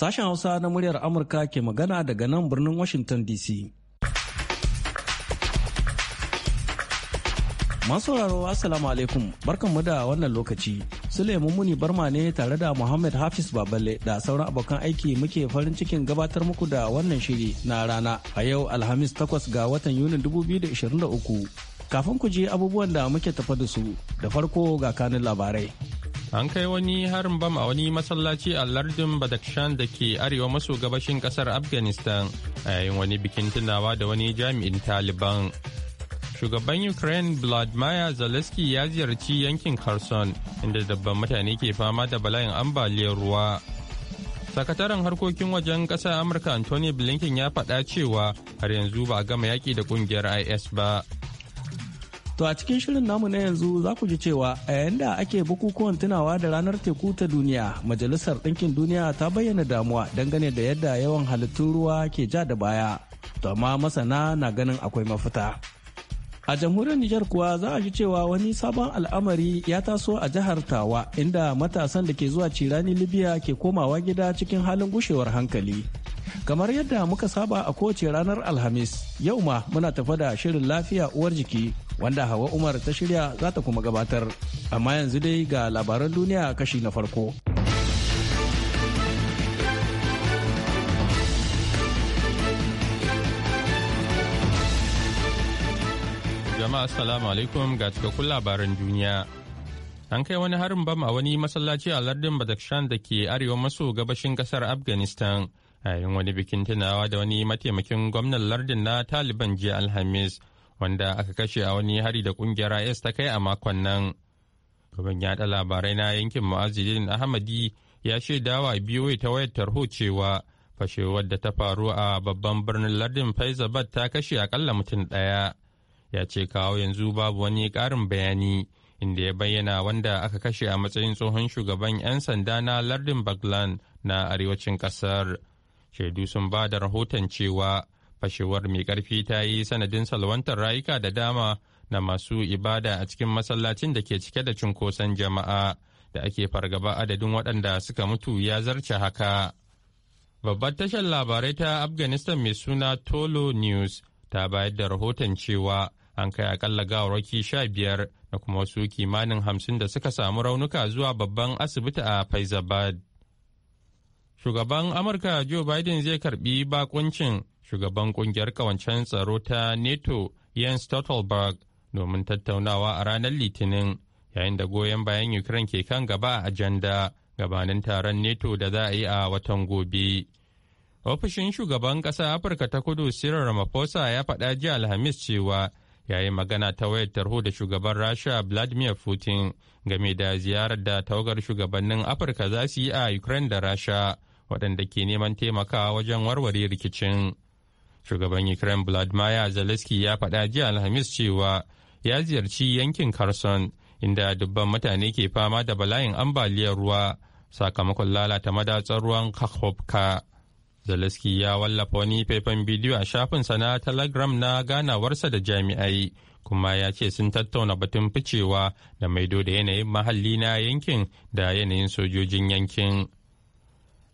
Sashen Hausa na muryar Amurka ke magana daga nan birnin Washington DC. Masu sauraro Assalamu alaikum barkanmu da wannan lokaci. Suleiman Muni Barma ne tare da Muhammad Hafiz Baballe da sauran abokan aiki muke farin cikin gabatar muku da wannan shiri na rana a yau Alhamis takwas ga watan Yunin 2023. Kafin ku je abubuwan da muke tafa da su da farko ga kanun labarai. an kai wani harin bam a wani masallaci a lardin badakshan da ke arewa maso gabashin kasar afghanistan a yayin wani bikin tunawa da wani jami'in taliban shugaban ukraine vladimir zelensky ya ziyarci yankin kherson inda dabban mutane ke fama da bala'in ambaliyar ruwa sakataren harkokin wajen ƙasar amurka anthony blinken ya faɗa cewa har yanzu ba a gama yaƙi da ƙungiyar is ba To a cikin shirin namu na yanzu za ku ji cewa a yayin da ake bukukuwan tunawa da ranar teku ta duniya, Majalisar Ɗinkin Duniya ta bayyana damuwa dangane da yadda yawan halittun ruwa ke ja da baya. To amma masana na ganin akwai mafita. A jamhuriyar Nijar kuwa za a ji cewa wani sabon al'amari ya taso a jihar Tawa inda matasan da ke zuwa cirani Libya ke komawa gida cikin halin gushewar hankali. Kamar yadda muka saba a kowace ranar Alhamis, yau ma muna tafa da shirin lafiya uwar jiki wanda Hawa Umar ta shirya za ta kuma gabatar. Amma yanzu dai ga labaran duniya kashi na farko. Jama'a assalamu alaikum ga cikakkun labaran duniya. An kai wani harin bam a wani masallaci a lardin Badakhshan da ke arewa maso gabashin kasar Afghanistan a yayin wani bikin tunawa da wani mataimakin gwamnan lardin na Taliban jiya Alhamis wanda aka kashe a wani hari da kungiyar IS ta kai a makon nan. Gaban yada labarai na yankin Mu'azzidin Ahmadi ya shaidawa biyoyi ta wayar tarho cewa fashewar da ta faru a babban birnin lardin Faizabad ta kashe akalla mutum ɗaya. ya ce kawo yanzu babu wani ƙarin bayani inda ya bayyana wanda aka kashe a matsayin tsohon shugaban 'yan sanda na lardin baglan na arewacin ƙasar shaidu sun ba da rahoton cewa fashewar mai karfi ta yi sanadin salwantar rayuka da dama na masu ibada a cikin masallacin da ke cike da cunkoson jama'a da ake fargaba adadin waɗanda suka mutu ya zarce haka. Babbar tashar labarai ta Afghanistan mai suna Tolo News ta bayar da rahoton cewa an kai akalla gawarwaki sha biyar da kuma wasu kimanin hamsin da suka samu raunuka zuwa babban asibiti a faizabad shugaban amurka joe biden zai karbi bakuncin shugaban kungiyar kawancen tsaro ta nato jens stoltenberg domin tattaunawa a ranar litinin yayin da goyon bayan ukraine ke kan gaba a ajanda gabanin taron nato da za a yi a watan gobe ofishin shugaban ƙasa afirka ta kudu cyril ramaphosa ya faɗa jiya alhamis cewa yayin magana ta wayar tarho da shugaban rasha vladimir putin game da ziyarar da tawagar shugabannin afirka za su yi a ukraine da rasha waɗanda ke neman taimakawa wajen warware rikicin shugaban ukraine vladimir zelensky ya faɗa jiya alhamis cewa ya ziyarci yankin karson inda dubban mutane ke fama da bala'in ambaliyar ruwa sakamakon lalata madatsar ruwan kakhovka Zelensky ya wallafa wani faifan bidiyo a shafin sa na Telegram na ganawarsa da jami'ai, kuma ya ce sun tattauna batun ficewa da maido da yanayin mahalli na yankin da yanayin sojojin yankin.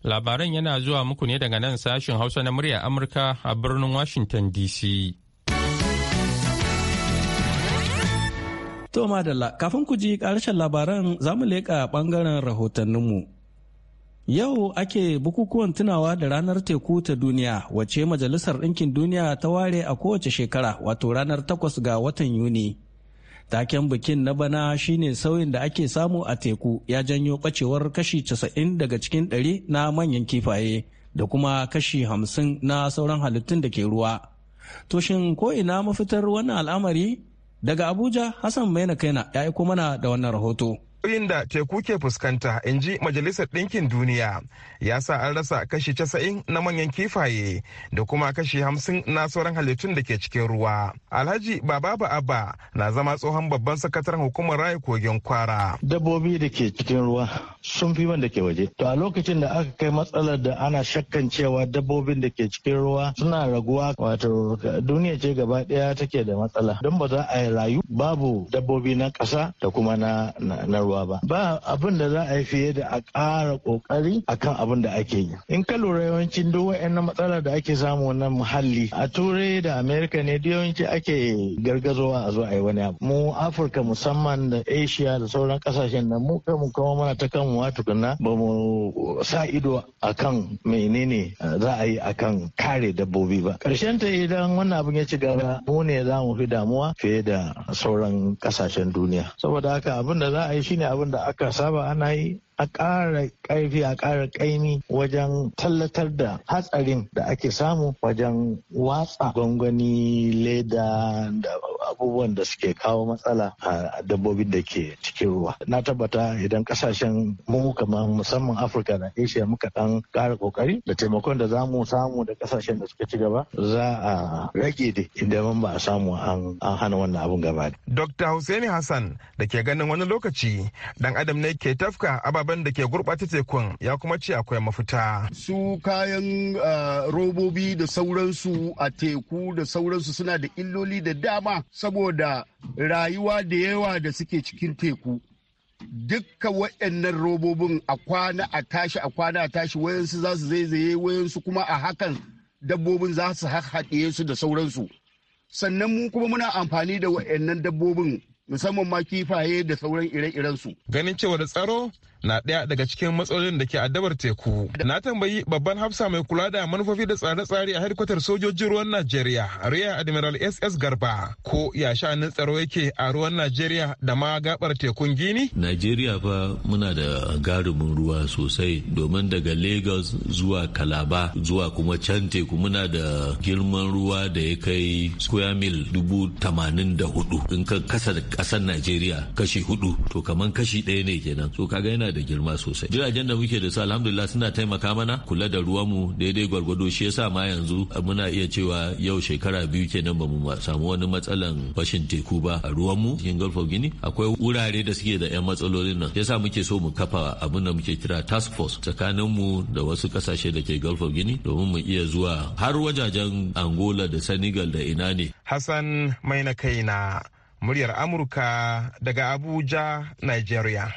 Labaran yana zuwa muku ne daga nan sashin Hausa na murya Amurka a birnin Washington DC. To madalla, kafin ku ji ƙarshen labaran zamu leƙa ɓangaren rahotanninmu. Yau ake bukukuwan tunawa da ranar teku ta duniya wace Majalisar Ɗinkin Duniya ta ware a kowace shekara wato ranar takwas ga watan Yuni. Taken bikin na bana shine sauyin da ake samu a teku ya janyo ɓacewar kashi casa'in daga cikin 100 na manyan kifaye da kuma kashi hamsin na sauran halittun da ke ruwa. To shin ko ina mafitar wannan al'amari? Daga Abuja, Hassan Maina Kaina ya aiko mana da wannan rahoto. matsalolin da teku ke fuskanta in ji majalisar ɗinkin duniya ya sa an rasa kashi casa'in na manyan kifaye da kuma kashi hamsin na sauran halittun da ke cikin ruwa alhaji baba abba na zama tsohon babban sakataren hukumar raya kogin kwara dabbobi da ke cikin ruwa sun fi wanda ke waje to a lokacin da aka kai matsalar da ana shakkan cewa dabbobin da ke cikin ruwa suna raguwa wato duniya ce gaba daya take da matsala don ba za a yi rayu babu dabbobi na ƙasa da kuma na ruwa ba ba abin da za a yi fiye da a ƙara ƙoƙari akan abin da ake yi in ka lura yawancin duk wa'annan matsalar da ake samu na muhalli a turai da amerika ne duk yawanci ake gargazowa a zo a yi wani abu mu afirka musamman da asia da sauran kasashen nan mu kuma muna ta kan Wa tukuna ba mu sa ido a akan menene eh, za a yi a kan kare dabbobi ba karshen ta idan wannan abin ya ci gaba mu ne za mu fi damuwa fiye da sauran kasashen duniya saboda haka abin da za a yi shine abin da aka saba ana yi a ƙara ƙarfi a ƙara ƙaimi wajen tallatar da hatsarin da ake samu wajen watsa gwangwani leda da abubuwan da suke kawo matsala a dabbobin da ke cikin ruwa na tabbata idan kasashen mu kamar musamman afirka da asia muka ɗan ƙara ƙoƙari da taimakon da za mu samu da kasashen da suka ci gaba za a rage da idan ba a samu an hana wannan abun gaba. Dr. Hussaini Hassan da ke ganin wani lokaci dan adam ne ke tafka ababen ababen da ke gurɓata tekun ya kuma ce akwai mafita. Su kayan ah, robobi da sauransu a teku da sauransu suna da illoli da dama saboda rayuwa da yawa da suke cikin teku. dukka waɗannan robobin a kwana a tashi a kwana a tashi wayansu za su zaizaye wayansu kuma a hakan dabbobin za su haɗe su da sauransu sannan mu kuma muna amfani da waɗannan dabbobin musamman ma kifaye da sauran ire-irensu ganin cewa da tsaro na ɗaya daga cikin matsalolin da ke addabar teku. Na tambayi babban hafsa mai kula da manufofi da tsare-tsare a hedkwatar sojojin ruwan Najeriya, Rear Admiral SS Garba, ko ya sha'anin tsaro yake a ruwan Najeriya da ma gabar tekun Gini? Najeriya fa muna da garumin ruwa sosai domin daga Lagos zuwa Kalaba zuwa kuma can teku muna da girman ruwa da ya kai square mil dubu tamanin da hudu. In ka kasa da Najeriya kashi hudu to kaman kashi ɗaya ne kenan. So kaga yana yana da girma sosai jiragen da muke da su alhamdulillah suna taimaka mana kula da ruwanmu daidai gwargwado shi yasa ma yanzu muna iya cewa yau shekara biyu kenan mu samu wani matsalan fashin teku ba a ruwanmu cikin Gulf of Guinea akwai wurare da suke da 'yan matsalolin nan yasa muke so mu kafa abun da muke kira task force mu da wasu kasashe da ke Gulf of Guinea domin mu iya zuwa har wajajen Angola da Senegal da ina ne Hassan mai na kai na muryar Amurka daga Abuja Nigeria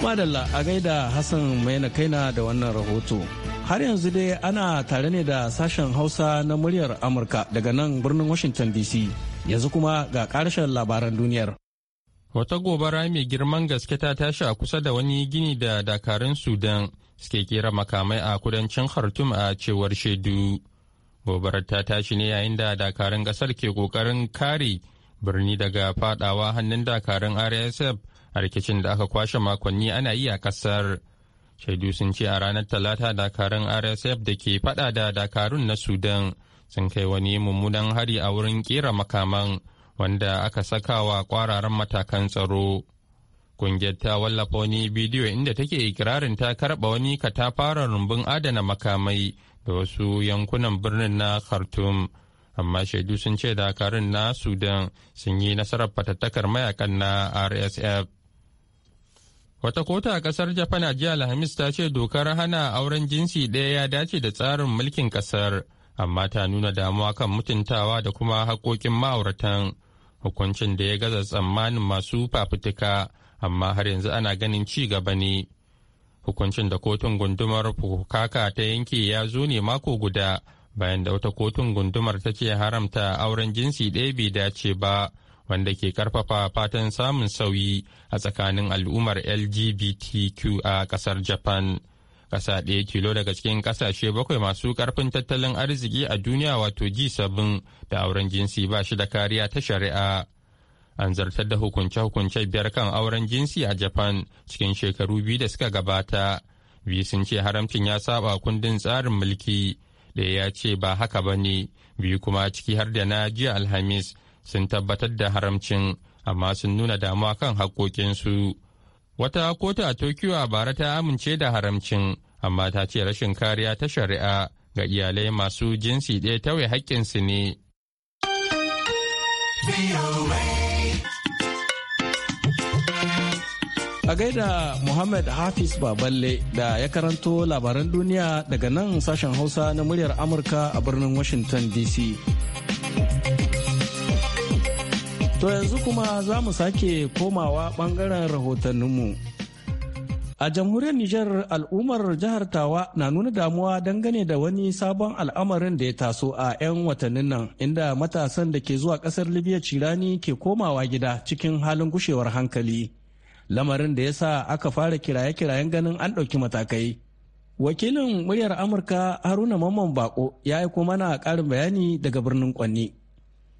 Madalla a gaida Hassan Maina na da wannan rahoto. Har yanzu dai ana tare ne da sashen Hausa na muryar Amurka daga nan birnin Washington DC. Yanzu kuma ga karshen labaran duniyar. Wata gobara mai girman gaske ta tashi a kusa da wani gini da dakarun Sudan suke kera makamai a kudancin Khartoum a cewar shaidu. Gobarar ta tashi ne yayin da dakarun ƙasar ke kokarin kare birni daga fadawa hannun dakarun RSF a rikicin da aka kwashe makonni ana yi a kasar shaidu sun ce a ranar talata dakarun rsf da ke fada da dakarun na sudan sun kai wani mummunan hari a wurin kera makaman wanda aka saka wa kwararan matakan tsaro kungiyar ta wallafa wani bidiyo inda take ikirarin ta karba wani katafaren rumbun adana makamai da wasu yankunan birnin na khartum amma shaidu sun ce dakarun na sudan sun yi nasarar fatattakar mayakan na rsf Wata kotu a kasar Japan a jiya Alhamis ta ce dokar hana auren jinsi ɗaya ya dace da tsarin mulkin kasar, amma ta nuna damuwa kan mutuntawa da kuma haƙoƙin ma'auratan. Hukuncin da ya gaza tsammanin masu fafutuka, amma har yanzu ana ganin ci gaba ne. Hukuncin da kotun gundumar Fukaka ta yanke ya zo ne mako guda bayan da wata kotun gundumar ta ce haramta auren jinsi ɗaya bai dace ba. wanda ke karfafa fatan samun sauyi a tsakanin al'ummar lgbtq a kasar japan kasa ɗaya kilo daga cikin ƙasashe bakwai masu ƙarfin tattalin arziki a duniya wato g7 da auren jinsi ba shi da kariya ta shari'a an zartar da hukunce-hukunce biyar kan auren jinsi a japan cikin shekaru biyu da suka gabata biyu sun ce haramcin ya saba kundin tsarin mulki ɗaya ya ce ba haka ba ne biyu kuma ciki har da na jiya alhamis sun tabbatar da haramcin amma sun nuna damuwa kan haƙoƙinsu. Wata kota a Tokyo a bara ta amince da haramcin amma ta ce rashin kariya ta shari'a ga iyalai masu jinsi ɗaya tauye haƙƙinsu ne. A gaida Muhammad Hafiz Baballe da ya karanto labaran duniya daga nan sashen Hausa na muryar Amurka a birnin Washington DC. To yanzu kuma za mu sake komawa ɓangaren rahotanninmu. A jamhuriyar Nijar al'ummar jihar Tawa na nuna damuwa dangane da wani sabon al'amarin da ya taso a 'yan watannin nan inda matasan da ke zuwa kasar Libya cirani ke komawa gida cikin halin gushewar hankali. Lamarin da ya sa aka fara kiraye-kirayen ganin an ɗauki matakai. Wakilin muryar Amurka Haruna Mamman Bako ya aiko mana ƙarin bayani daga birnin Kwanni.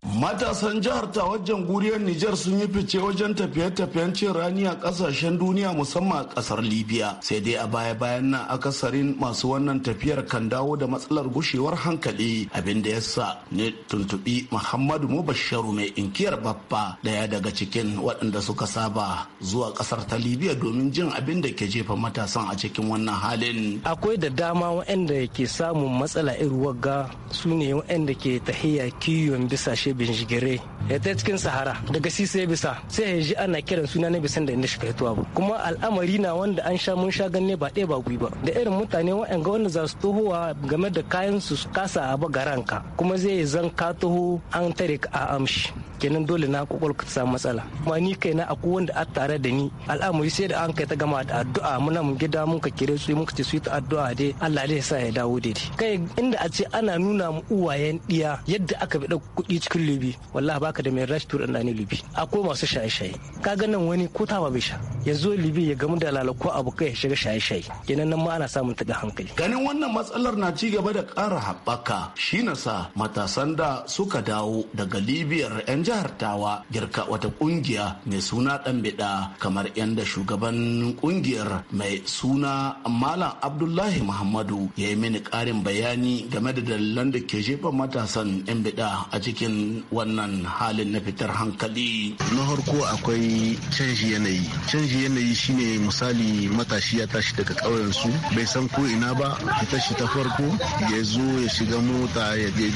Matasan jihar ta wajen guriyar Nijar sun yi fice wajen tafiye-tafiyen cin rani a kasashen duniya musamman a kasar Libya. Sai dai a baya-bayan nan akasarin masu wannan tafiyar kan dawo da matsalar gushewar hankali abin da ya sa ne tuntubi Muhammadu Mubasharu mai inkiyar babba daya daga cikin waɗanda suka saba zuwa kasar ta Libya domin jin abin da ke jefa matasan a cikin wannan halin. Akwai da dama waɗanda ke samun matsala irin wagga su ne waɗanda ke tahiya kiwon bisa ce binjigire ya ta cikin sahara daga sisai bisa sai ya ji ana kiran suna na bisan da inda shi fitowa ba kuma al'amari na wanda an sha mun sha ganne ba ɗaya ba gwi ba da irin mutane waɗanda wanda za su tohowa game da kayan su kasa a bagaranka kuma zai zan ka taho an tare a amshi kenan dole na kokol ka samu matsala kuma ni kai na akwai wanda a tare da ni al'amari sai da an kai ta gama da addu'a muna mun gida mun ka kire su mun ka ce su yi ta addu'a dai Allah zai sa ya dawo daidai kai inda a ce ana nuna mu uwayen diya yadda aka bi kuɗi cikin mutum libi wallahi baka da mai rashi turin ɗani libi akwai masu shaye-shaye ka ga nan wani ko taba bai sha ya zo libi ya gamu da lalako abu kai ya shiga shaye-shaye kenan nan ma ana samun taɓa hankali ganin wannan matsalar na ci gaba da ƙara haɓaka shi na sa matasan da suka dawo daga libiyar 'yan jihar tawa girka wata ƙungiya mai suna ɗan biɗa kamar yadda shugaban ƙungiyar mai suna malam abdullahi muhammadu ya yi mini ƙarin bayani game da dalilan da ke jefa matasan 'yan biɗa a cikin wannan halin na fitar hankali na farko akwai canji yanayi canji yanayi shine misali matashi ya tashi daga ƙauyen su bai san ko ina ba ya tashi ta farko ya zo ya shiga mota ya je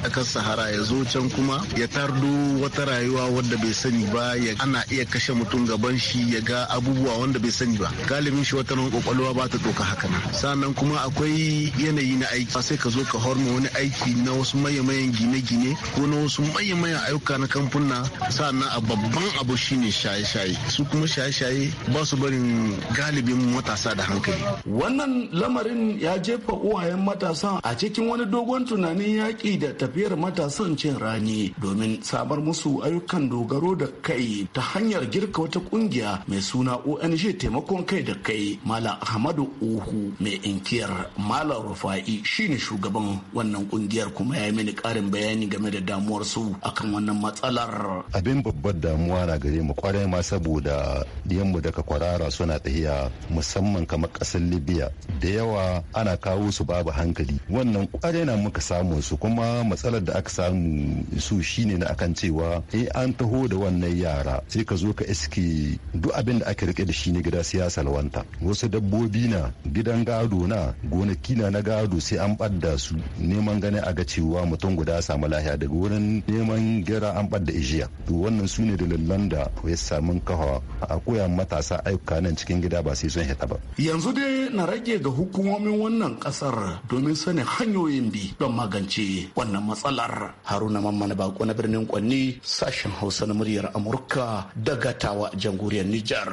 tsakar sahara ya zo can kuma ya tardo wata rayuwa wadda bai sani ba ya ana iya kashe mutum gaban shi ya ga abubuwa wanda bai sani ba galibin shi wata kwakwalwa ba ta doka haka nan sannan kuma akwai yanayi na aiki sai ka zo ka horma wani aiki na wasu maye-mayen gine-gine ko na wasu wasu manya-manyan ayyuka na kamfuna sannan a babban abu shine shaye-shaye su kuma shaye-shaye ba su barin galibin matasa da hankali wannan lamarin ya jefa uwayen matasa a cikin wani dogon tunanin yaƙi da tafiyar matasan cin rani domin sabar musu ayyukan dogaro da kai ta hanyar girka wata kungiya mai suna ong taimakon kai da kai malam ahmadu uhu mai inkiyar malam rufa'i shine shugaban wannan kungiyar kuma ya yi mini ƙarin bayani game da damuwar su akan wannan matsalar. Abin babbar damuwa na gare mu kwarai ma saboda yanmu daga kwarara suna tahiya musamman kamar kasar Libya da yawa ana kawo su babu hankali. Wannan kwarai na muka samu su kuma matsalar da aka samu su shine na akan cewa eh an taho da wannan yara sai ka zo ka iske duk abin da aka rike da shi ne gida siyasa lawanta. Wasu dabbobi na gidan gado na gonaki na na gado sai an ɓadda su neman ganin ga cewa mutum guda samu lahiya daga wurin neman gira an da ijiya to wannan su ne dalilan da ya samu kahawa a koya matasa ayyuka nan cikin gida ba sai sun hita ba yanzu dai na rage ga hukumomin wannan kasar domin sanin hanyoyin bi don magance wannan matsalar haruna mamman bako na birnin kwanni sashen hausa na muryar amurka daga tawa jamhuriyar nijar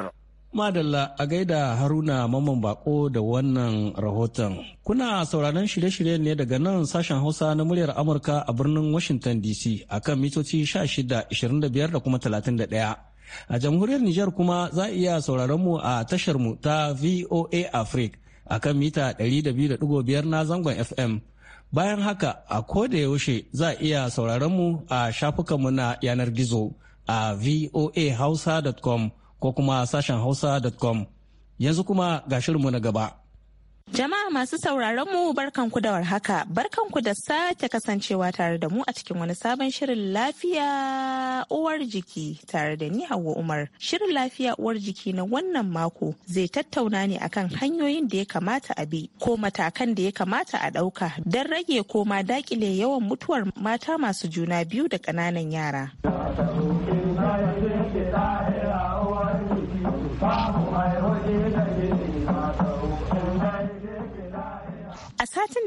Madalla a gaida Haruna Maman Bako da wannan rahoton. Kuna sauraron shirye shiryen ne daga nan sashen Hausa na muryar Amurka a birnin Washington DC a kan mitoci 16, 25 da kuma 31. A jamhuriyar Nijar kuma za a iya sauraron mu a tashar mu ta VOA Africa a kan mita 200.5 na zangon FM. Bayan haka a da yaushe za a iya sauraron mu a shafukanmu na yanar gizo a voahausa.com ko kuma sashen hausa.com. Yanzu kuma ga shirinmu na gaba. Jama'a masu sauraron mu barkanku da warhaka, barkanku da sake kasancewa tare da mu a cikin wani sabon shirin lafiya uwar jiki tare da ni Hauwa Umar. Shirin lafiya uwar jiki na wannan mako zai tattauna ne akan hanyoyin da ya kamata a bi ko matakan da ya kamata a ɗauka don rage ko ma dakile yawan mutuwar mata masu juna biyu da ƙananan yara.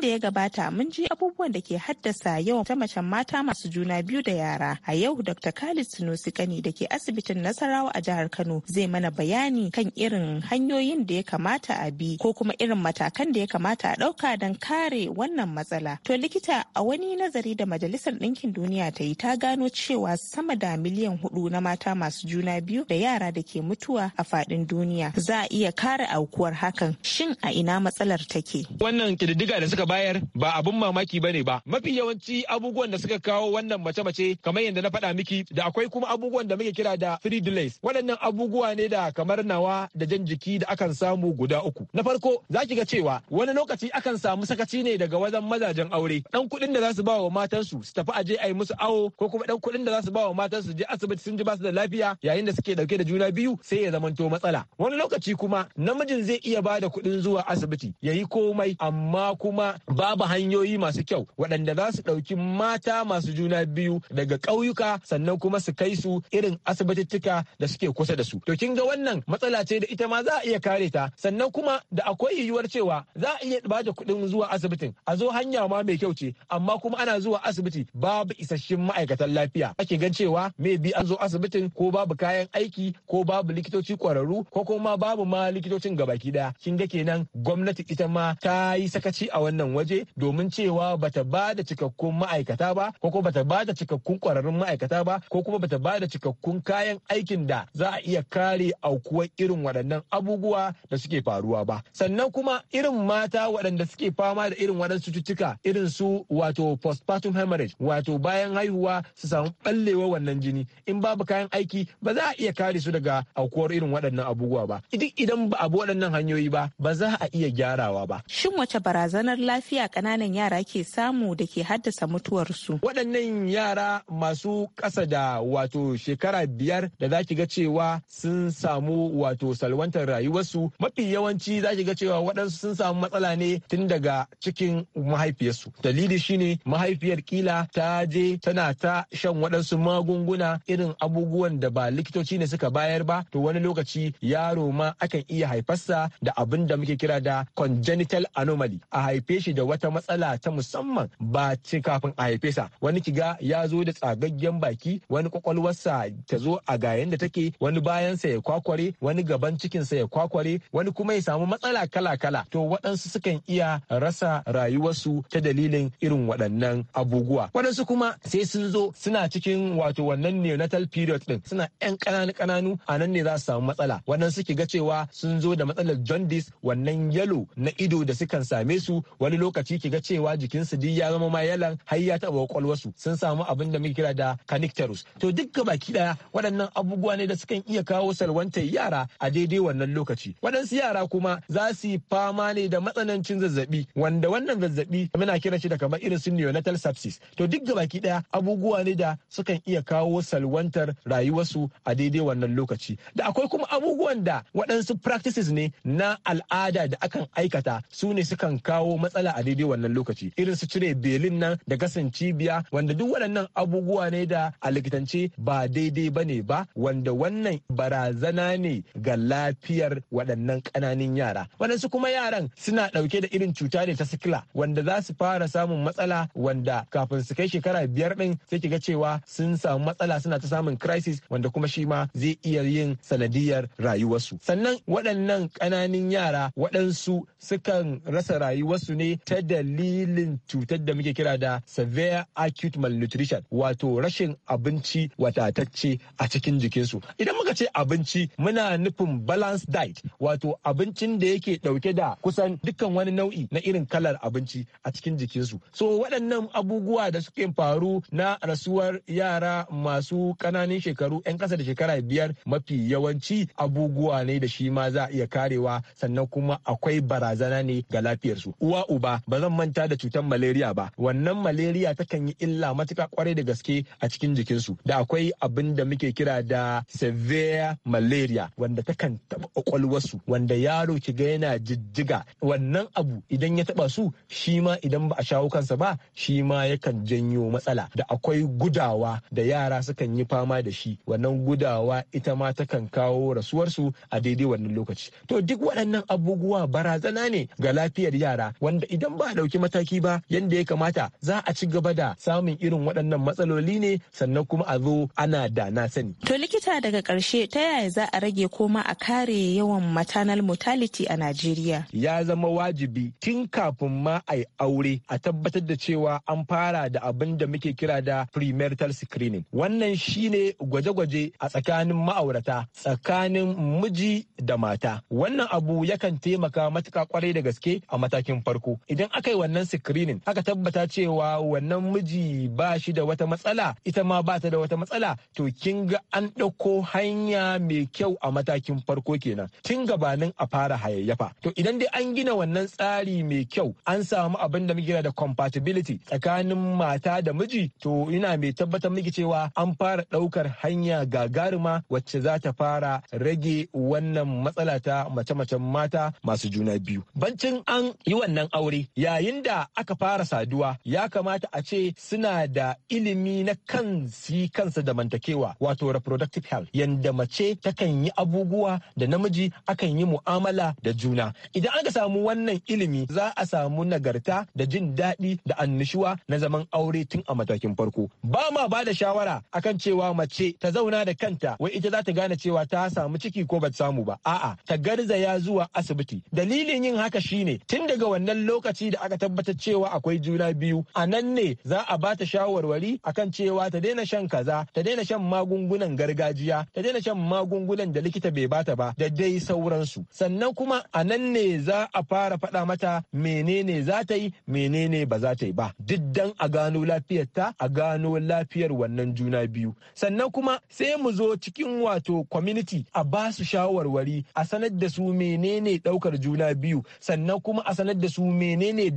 da ya gabata mun ji abubuwan da ke haddasa yawan ta macen mata masu juna biyu da yara. A yau Dr. Khalid Sunusi Kani da ke asibitin Nasarawa a jihar Kano zai mana bayani kan irin hanyoyin da ya kamata a bi ko kuma irin matakan da ya kamata a ɗauka don kare wannan matsala. To likita a wani nazari da Majalisar Ɗinkin Duniya ta yi ta gano cewa sama da miliyan hudu na mata masu juna biyu da yara da ke mutuwa a faɗin duniya. Za a iya kare aukuwar hakan. Shin a ina matsalar take? Wannan kididdiga da suka bayar ba abun mamaki bane ba mafi yawanci abubuwan da suka kawo wannan mace-mace kamar yadda na faɗa miki da akwai kuma abubuwan da muke kira da free delays waɗannan abubuwa ne da kamar nawa da jan jiki da akan samu guda uku na farko za ki ga cewa wani lokaci akan samu sakaci ne daga wajen mazajen aure ɗan kuɗin da za su ba wa matansu su tafi aje a yi musu awo ko kuma ɗan kuɗin da za su ba wa matansu je asibiti sun ji ba su da lafiya yayin da suke dauke da juna biyu sai ya zamanto matsala wani lokaci kuma namijin zai iya ba da kuɗin zuwa asibiti ya komai amma kuma babu hanyoyi masu kyau waɗanda za su ɗauki mata masu juna biyu daga ƙauyuka sannan kuma su kai su irin asibitittuka da suke kusa da su to kin ga wannan matsala ce da ita ma za a iya kare ta sannan kuma da akwai yiwuwar cewa za a iya ba da kuɗin zuwa asibitin a zo hanya ma mai kyau ce amma kuma ana zuwa asibiti babu isasshen ma'aikatan lafiya ake gan cewa mai bi an zo asibitin ko babu kayan aiki ko babu likitoci ƙwararru ko kuma babu ma likitocin gabaki ɗaya kin ga kenan gwamnati ita ma ta yi sakaci a wannan waje domin cewa bata ba da cikakkun ma'aikata ba ko kuma bata ba da cikakkun kwararrun ma'aikata ba ko kuma bata ba da cikakkun kayan aikin da za a iya kare aukuwar irin waɗannan abubuwa da suke faruwa ba sannan kuma irin mata waɗanda suke fama da irin waɗansu cututtuka irin su wato postpartum hemorrhage wato bayan haihuwa su samu ɓallewa wannan jini in babu kayan aiki ba za a iya kare su daga aukuwar irin waɗannan abubuwa ba idan ba a bi waɗannan hanyoyi ba ba za a iya gyarawa ba shin wace barazanar lafiya lafiya kananan yara ke samu da ke haddasa mutuwarsu. Waɗannan yara masu ƙasa da wato shekara biyar da za ki ga cewa sun samu wato salwantar rayuwarsu mafi yawanci za ki ga cewa waɗansu sun samu matsala ne tun daga cikin mahaifiyarsu. Dalili shine mahaifiyar kila ta je tana ta shan waɗansu magunguna irin abubuwan da ba likitoci ne suka bayar ba to wani lokaci yaro ma akan iya haifarsa da abin da muke kira da congenital anomaly a haife shi da wata matsala ta musamman ba ci kafin a haife sa wani kiga ya zo da tsagaggen baki wani kwakwalwarsa ta zo a gayen da take wani bayan sa ya kwakware wani gaban cikin sa ya kwakware wani kuma ya samu matsala kala-kala to waɗansu sukan iya rasa rayuwarsu ta dalilin irin waɗannan abubuwa waɗansu kuma sai sun zo suna cikin wato wannan neonatal period din suna yan ƙananu ƙananu a nan ne za su samu matsala waɗansu ki ga cewa sun zo da matsalar jaundice wannan yalo na ido da sukan same su wani lokaci ki ga cewa jikinsu duk ya zama ma yalan har ya taɓa kwakwalwarsu sun samu abin da muke kira da canicterus to duk baki daya waɗannan abubuwa ne da sukan iya kawo salwantar yara a daidai wannan lokaci waɗansu yara kuma za su yi fama ne da matsanancin zazzabi wanda wannan zazzabi muna kira shi da kamar irin su neonatal sepsis to duk baki daya abubuwa ne da sukan iya kawo salwantar rayuwarsu a daidai wannan lokaci da akwai kuma abubuwan da waɗansu practices ne na al'ada da akan aikata su ne sukan kawo matsala matsala a daidai wannan lokaci irin su cire belin nan da kasan cibiya wanda duk waɗannan abubuwa ne da a likitance ba daidai ba ne ba wanda wannan barazana ne ga lafiyar waɗannan ƙananan yara waɗansu kuma yaran suna ɗauke da irin cuta ne ta sikila wanda za su fara samun matsala wanda kafin su kai shekara biyar ɗin sai ki ga cewa sun samu matsala suna ta samun crisis wanda kuma shi ma zai iya yin sanadiyar rayuwarsu sannan waɗannan ƙananan yara waɗansu sukan rasa rayuwarsu ne ta dalilin cutar da muke kira da severe acute malnutrition wato rashin abinci watatacce a cikin jikinsu idan muka ce abinci muna nufin balanced diet wato abincin da yake dauke da kusan dukkan wani nau'i na irin kalar abinci a cikin jikinsu so waɗannan abubuwa da suke faru na rasuwar yara masu ƙananan shekaru 'yan ƙasa da shekara biyar mafi yawanci abubuwa ne da shi ma za a iya karewa sannan kuma akwai barazana ne ga lafiyarsu uwa ba ba zan manta da cutar malaria ba wannan malaria takan yi illa matuka kwarai da gaske a cikin jikinsu da akwai abin da muke kira da severe malaria wanda takan taɓa kwakwalwarsu wanda yaro ki yana jijjiga wannan abu idan ya taba su shi ma idan ba a shawo kansa ba shi ma yakan janyo matsala da akwai gudawa da yara sukan yi fama da shi wannan gudawa ita ma takan kawo rasuwarsu a daidai wannan lokaci to duk waɗannan abubuwa barazana ne ga lafiyar yara wanda idan ba a ɗauki mataki ba yadda ya kamata za a ci gaba da samun irin waɗannan matsaloli ne sannan kuma a zo ana da na sani. To likita daga ƙarshe ta yaya za a rage koma a kare yawan maternal mortality a Najeriya? Ya zama wajibi tun kafin ma a yi aure a tabbatar da cewa an fara da abin da muke kira da premarital screening. Wannan shine gwaje-gwaje a tsakanin ma'aurata tsakanin miji da mata. Wannan abu yakan taimaka matuka kwarai da gaske a matakin farko. idan aka yi wannan screening aka tabbata cewa wannan miji ba shi da wata matsala ita ma ba ta da wata matsala to kin ga an ɗauko hanya mai kyau a matakin farko kenan tun gabanin a fara hayayyafa to idan dai an gina wannan tsari mai kyau an samu abin da muke da compatibility tsakanin mata da miji to ina mai tabbatar miki cewa an fara ɗaukar hanya gagaruma wacce za ta fara rage wannan matsala ta mace-macen mata masu juna biyu bancin an yi wannan aure aure yayin da aka fara saduwa ya kamata a ce suna da ilimi na kan kansa da mantakewa wato reproductive health yanda mace takan yi abubuwa da namiji akan yi mu'amala da juna idan aka samu wannan ilimi za a samu nagarta da jin daɗi da annishuwa na zaman aure tun a matakin farko ba ma ba da shawara akan cewa mace ta zauna da kanta wai ita za ta gane cewa ta samu ciki ko ba samu ba a'a ta garzaya zuwa asibiti dalilin yin haka shine tun daga wannan lokacin lokaci da aka tabbatar cewa akwai juna biyu a nan ne za a ba ta shawarwari akan cewa ta daina shan kaza ta daina shan magungunan gargajiya ta daina shan magungunan da likita bai bata ba da dai sauransu sannan kuma a nan ne za a fara faɗa mata menene za ta yi menene ba za ta yi ba duk dan a gano lafiyar ta a gano lafiyar wannan juna biyu sannan kuma sai mu zo cikin wato community a ba su shawarwari a sanar da su menene ɗaukar juna biyu sannan kuma a sanar da su menene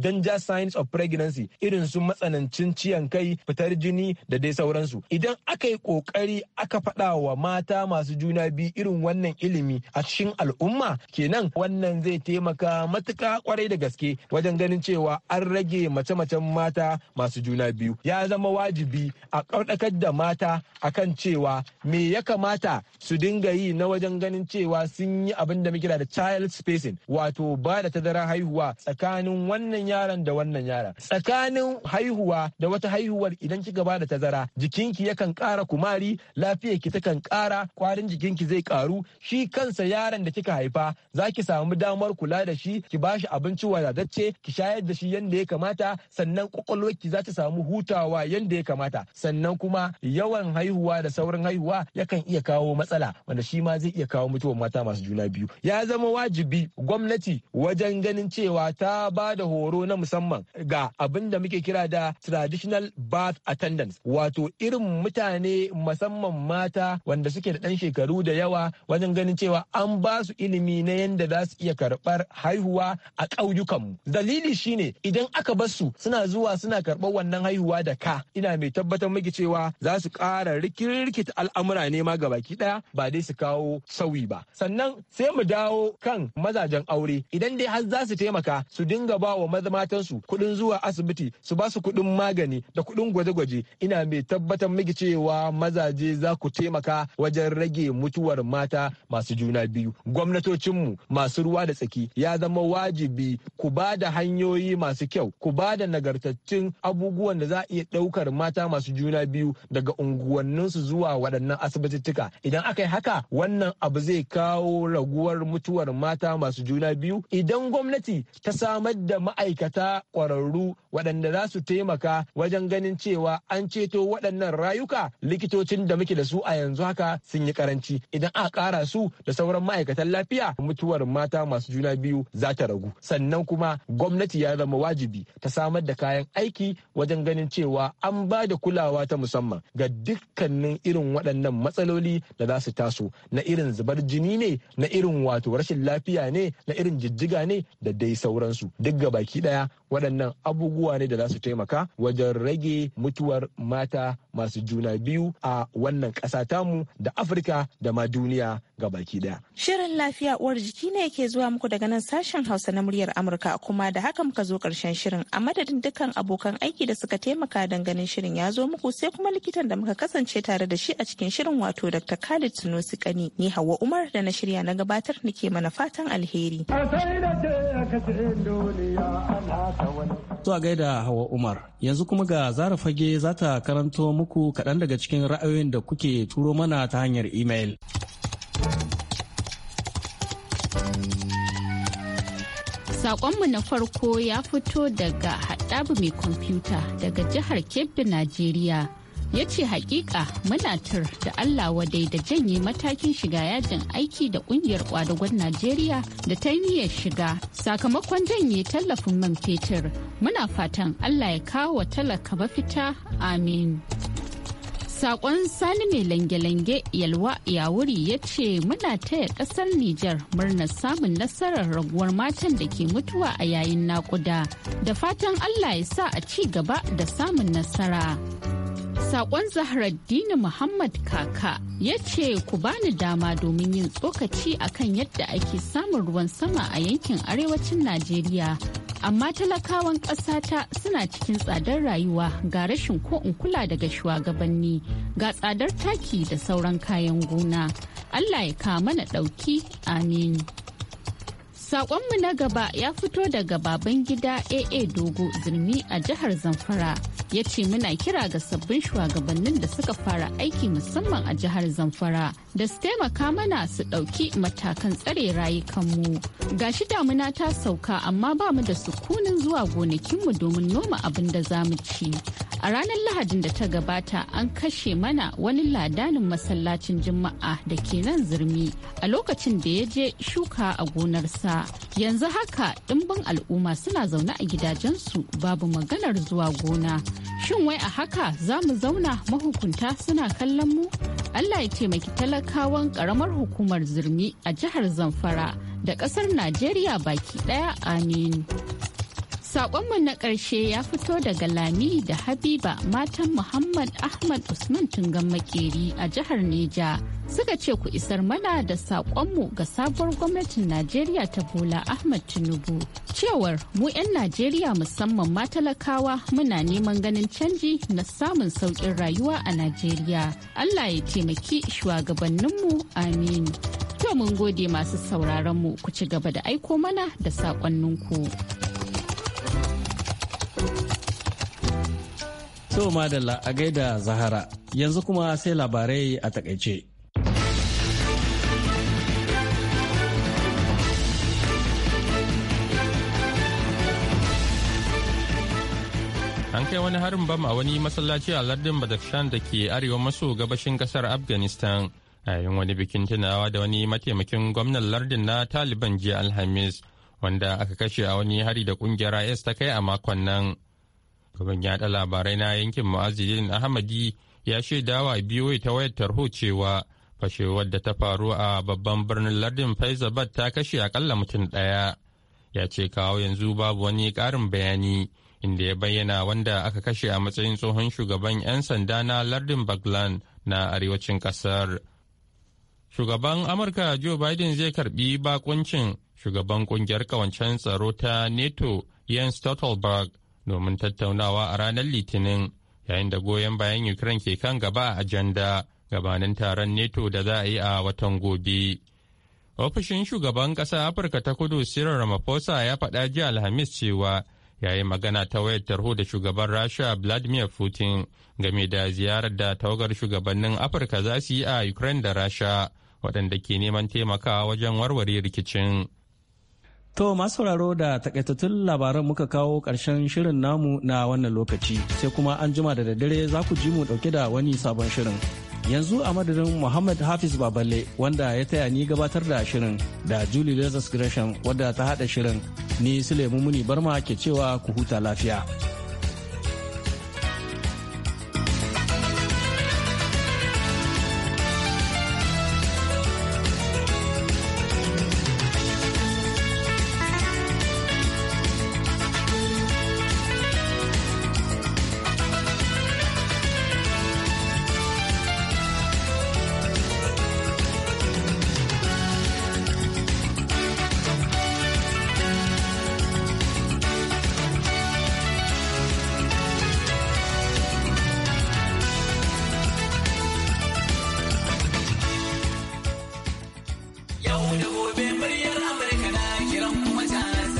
danger signs of pregnancy irin su matsanancin ciyan kai fitar jini da dai sauransu idan aka yi kokari aka faɗa wa mata masu juna biyu irin wannan ilimi a cikin al'umma kenan wannan zai taimaka matuka kwarai da gaske wajen ganin cewa an rage mace-macen mata masu juna biyu ya zama wajibi a ƙarɗakar da mata akan cewa me ya kamata su dinga yi na wajen ganin cewa sun yi abinda da muke da child spacing wato ba da tazarar haihuwa tsakanin wannan yaron da wannan yaron tsakanin haihuwa da wata haihuwar idan kika da tazara jikinki yakan ƙara kumari ki takan ƙara kwarin jikinki zai ƙaru shi kansa yaron da kika haifa za ki samu damar kula da shi ki ba shi abinci wadatacce ki shayar da shi yadda ya kamata sannan ki za ta samu hutawa yadda ya kamata sannan kuma yawan haihuwa da saurin haihuwa yakan iya kawo matsala wanda shi ma zai iya kawo mutuwar mata masu juna biyu ya zama wajibi gwamnati wajen ganin cewa ta ba da horo na musamman ga abin da muke kira da traditional birth attendance wato irin mutane musamman mata wanda suke da ɗan shekaru da yawa wajen ganin cewa an ba su ilimi na yadda za su iya karɓar haihuwa a ƙauyukanmu dalili shine idan aka bar su suna zuwa suna karɓar wannan haihuwa da ka ina mai tabbatar miki cewa za su ƙara rikirkita al'amura ne ma gabaki ɗaya ba dai su kawo sauyi ba sannan sai mu dawo kan mazajen aure idan dai har za su taimaka su dinga ba wa matansu kuɗin zuwa asibiti su ba su kuɗin magani da kuɗin gwaje-gwaje ina mai tabbatar miki cewa mazaje za ku taimaka wajen rage mutuwar mata masu juna biyu gwamnatocinmu masu ruwa da tsaki ya zama wajibi ku ba da hanyoyi masu kyau ku ba da nagartattun abubuwan da za a iya ɗaukar mata masu juna biyu daga unguwanninsu zuwa waɗannan asibitittuka idan aka yi haka wannan abu zai kawo raguwar mutuwar mata masu juna biyu idan gwamnati ta samar da ma'aikata ƙwararru waɗanda za su taimaka wajen ganin cewa an ceto waɗannan rayuka likitocin da muke da su a yanzu haka sun yi karanci idan aka ƙara su da sauran ma'aikatan lafiya mutuwar mata masu juna biyu za ta ragu sannan kuma gwamnati ya zama wajibi ta samar da kayan aiki wajen ganin cewa an ba da kulawa ta musamman ga dukkanin irin waɗannan matsaloli da za su taso na irin zubar jini ne na irin wato rashin lafiya ne na irin jijjiga ne da dai sauran sauransu duk ga baki daya waɗannan abubuwa ne da za su taimaka wajen rage mutuwar mata masu juna biyu a wannan ƙasa tamu da afirka da ma duniya ga baki daya shirin lafiya uwar jiki ne yake zuwa muku daga nan sashen hausa na muryar amurka kuma da haka muka zo ƙarshen shirin a madadin dukkan abokan aiki da suka taimaka don ganin shirin ya zo muku sai kuma likitan da muka kasance tare da shi a cikin shirin wato dr khalid sunusi kani ni hawa umar da na shirya na gabatar nake mana fatan alheri Zuwa gaida Hawa Umar, yanzu kuma ga Zara Fage za ta karanto muku kaɗan daga cikin ra'ayoyin da kuke turo mana ta hanyar imel. saƙonmu na farko ya fito daga haɗabu mai kwamfuta daga jihar Kebbi, Najeriya. ya ce hakika muna tur da allah wadai da janye matakin shiga yajin aiki da kungiyar kwadagon najeriya da ta niyyar shiga sakamakon janye tallafin man fetur muna fatan allah ya kawo wa talaka mafita amin Sakon Sani mai lange-lange yalwa wuri ya ce muna taya kasar Nijar murnar samun nasarar raguwar matan da ke mutuwa a yayin nakuda da fatan Allah ya sa a ci gaba da samun nasara. Sakon Zahraddini Muhammad Kaka ya ce ku bani dama domin yin tsokaci akan yadda ake samun ruwan sama a yankin arewacin Najeriya. Amma talakawan ƙasata suna cikin tsadar rayuwa ga rashin ko in kula daga shugabanni ga tsadar taki da sauran kayan gona. Allah ya kama na ɗauki amin. Sakonmu na gaba ya fito daga baban gida AA Dogo Zirmi a jihar Zamfara. Ya ce muna kira ga sabbin shugabannin da suka fara aiki musamman a jihar Zamfara da su taimaka mana su ɗauki matakan tsare rayukanmu. Gashi damuna ta sauka amma ba mu da sukunin zuwa gonakinmu domin noma abin da za mu ci. A ranar Lahadin da ta gabata an kashe mana wani ladanin masallacin Juma'a da ke nan zirmi a lokacin da ya je shuka a gonarsa. yanzu haka ɗimbin al'umma suna zaune a gidajensu babu maganar zuwa gona shin wai a haka za mu zauna mahukunta suna kallon mu allah ya taimaki talakawan ƙaramar hukumar zirmi a jihar zamfara da ƙasar najeriya baki ɗaya amin saƙonmu na ƙarshe ya fito daga Lami da Habiba matan Muhammad Ahmad Usman Tungan Makeri a jihar Neja. Suka ce ku isar mana da saƙonmu ga sabuwar gwamnatin Najeriya ta Bola Ahmad Tinubu. Cewar mu 'yan Najeriya musamman matalakawa muna neman ganin canji na samun sauƙin rayuwa a Najeriya. Allah ya taimaki shugabanninmu amin. To mun gode masu sauraronmu ku ci gaba da aiko mana da saƙonninku. To madalla a gaida Zahara yanzu kuma sai labarai a takaice. An kai wani harin bam a wani masallaci a lardin Badakhshan da ke arewa maso gabashin kasar Afghanistan a yayin wani bikin tunawa da wani mataimakin gwamnan lardin na Taliban jiya Alhamis wanda aka kashe a wani hari da kungiyar IS ta kai a makon nan. Gaban yaɗa labarai na yankin ma'azirin Ahmadi ya shaidawa biyoyi ta wayar tarho cewa fashewar da ta faru a babban birnin lardin Faizabad ta kashe akalla mutum ɗaya. Ya ce kawo yanzu babu wani ƙarin bayani inda ya bayyana wanda aka kashe a matsayin tsohon shugaban 'yan sanda na lardin bagland na arewacin kasar. Shugaban Amurka Joe Biden zai karbi bakuncin shugaban kungiyar kawancen tsaro ta NATO Jens Stoltenberg domin tattaunawa a ranar litinin yayin da goyon bayan ukraine ke kan gaba a ajanda gabanin taron neto da za a yi a watan gobe ofishin shugaban ƙasa afirka ta kudu sirar ramaphosa ya faɗa jiya alhamis cewa yayi magana ta wayar tarho da shugaban rasha vladimir putin game da ziyarar da tawagar shugabannin afirka za su yi a ukraine da rasha waɗanda ke neman taimakawa wajen warware rikicin To masu sauraro da takaitattun labaran muka kawo ƙarshen shirin namu na wannan lokaci sai kuma an jima da daddare za ku ji mu ɗauke da wani sabon shirin. Yanzu a madadin Muhammad Hafiz Baballe wanda ya taya ni gabatar da shirin da Julie Lazarus Gresham wadda ta haɗa shirin ni Suleiman Muni Barma ke cewa ku huta lafiya.